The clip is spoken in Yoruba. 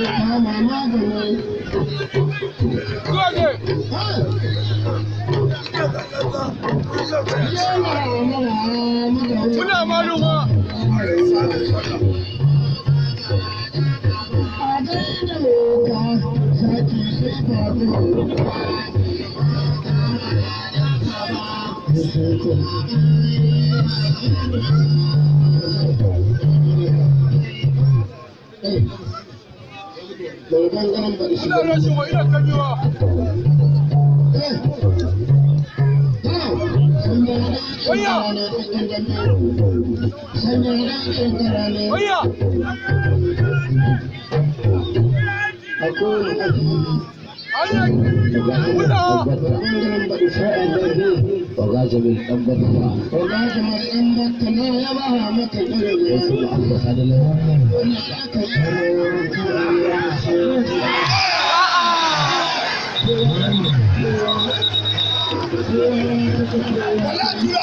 ni àwọn màmá àgbọ̀nà yìí. yóò wà ọmọ àwọn ọmọdé. ó ní Thank you. da babban ganin ba da shi ba ne shi ina kamewa Oya! Oya! وغازم الأنبت وغازم الأنبت لا يبقى مكة ولا يبقى مكة Voilà,